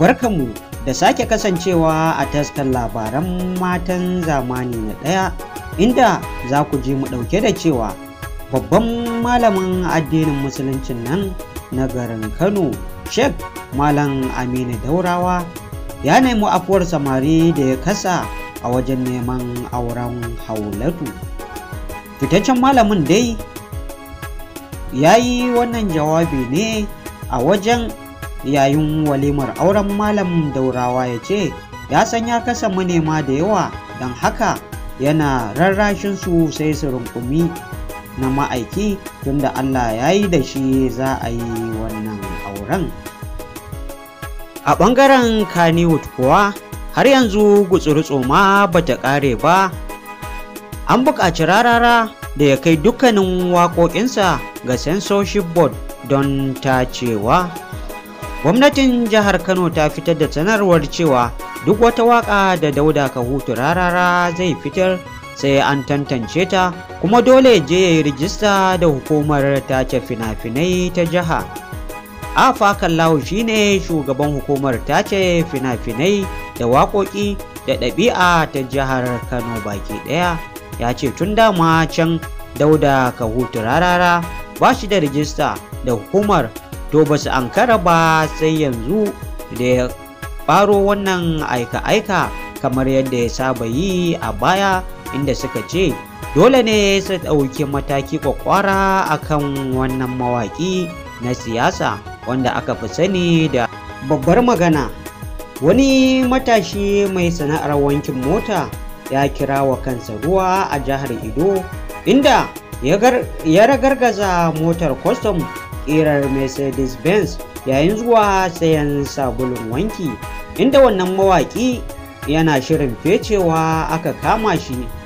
Barkanmu da sake kasancewa a taskan labaran matan zamani na ɗaya inda za ku je mu ɗauke da cewa babban malamin addinin musuluncin nan na garin Kano Sheikh Malam Aminu Daurawa ya nemi afuwar samari da ya kasa a wajen neman auren haulatu. Fitaccen malamin dai ya yi wannan jawabi ne a wajen yayin walimar auren malam daurawa ya ce ya san ya kasa manema da yawa don haka yana rarrashin su sai su rungumi na ma'aiki tunda allah ya yi da shi za a yi wannan auren a ɓangaren Kannywood kuwa har yanzu gutsurutsu ma ba ta ƙare ba an buƙaci rarara da ya kai dukkanin waƙoƙinsa ga censorship board don ta cewa gwamnatin jihar kano ta fitar da sanarwar cewa duk wata waka da dauda kahutu rarara zai fitar sai an tantance ta kuma dole je ya yi rijista da hukumar tace fina-finai ta jiha afa kallahu shine shugaban hukumar tace fina-finai da waƙoƙi da ɗabi'a ta jihar kano baki ɗaya ya ce tun dama can dauda kahutu rarara ba shi da rijista da hukumar to ba su ankara ba sai yanzu da ya faro wannan aika-aika kamar yadda ya saba yi a baya inda suka ce dole ne su ɗauki mataki kwakwara kan wannan mawaƙi na siyasa wanda aka fi sani da babbar magana wani matashi mai sana'ar wankin mota ya kira wa kansa ruwa a jihar ido inda ya ragargaza motar kwastam ƙirar mercedes-benz yayin zuwa sayan sabulun wanki inda wannan mawaki yana shirin fecewa aka kama shi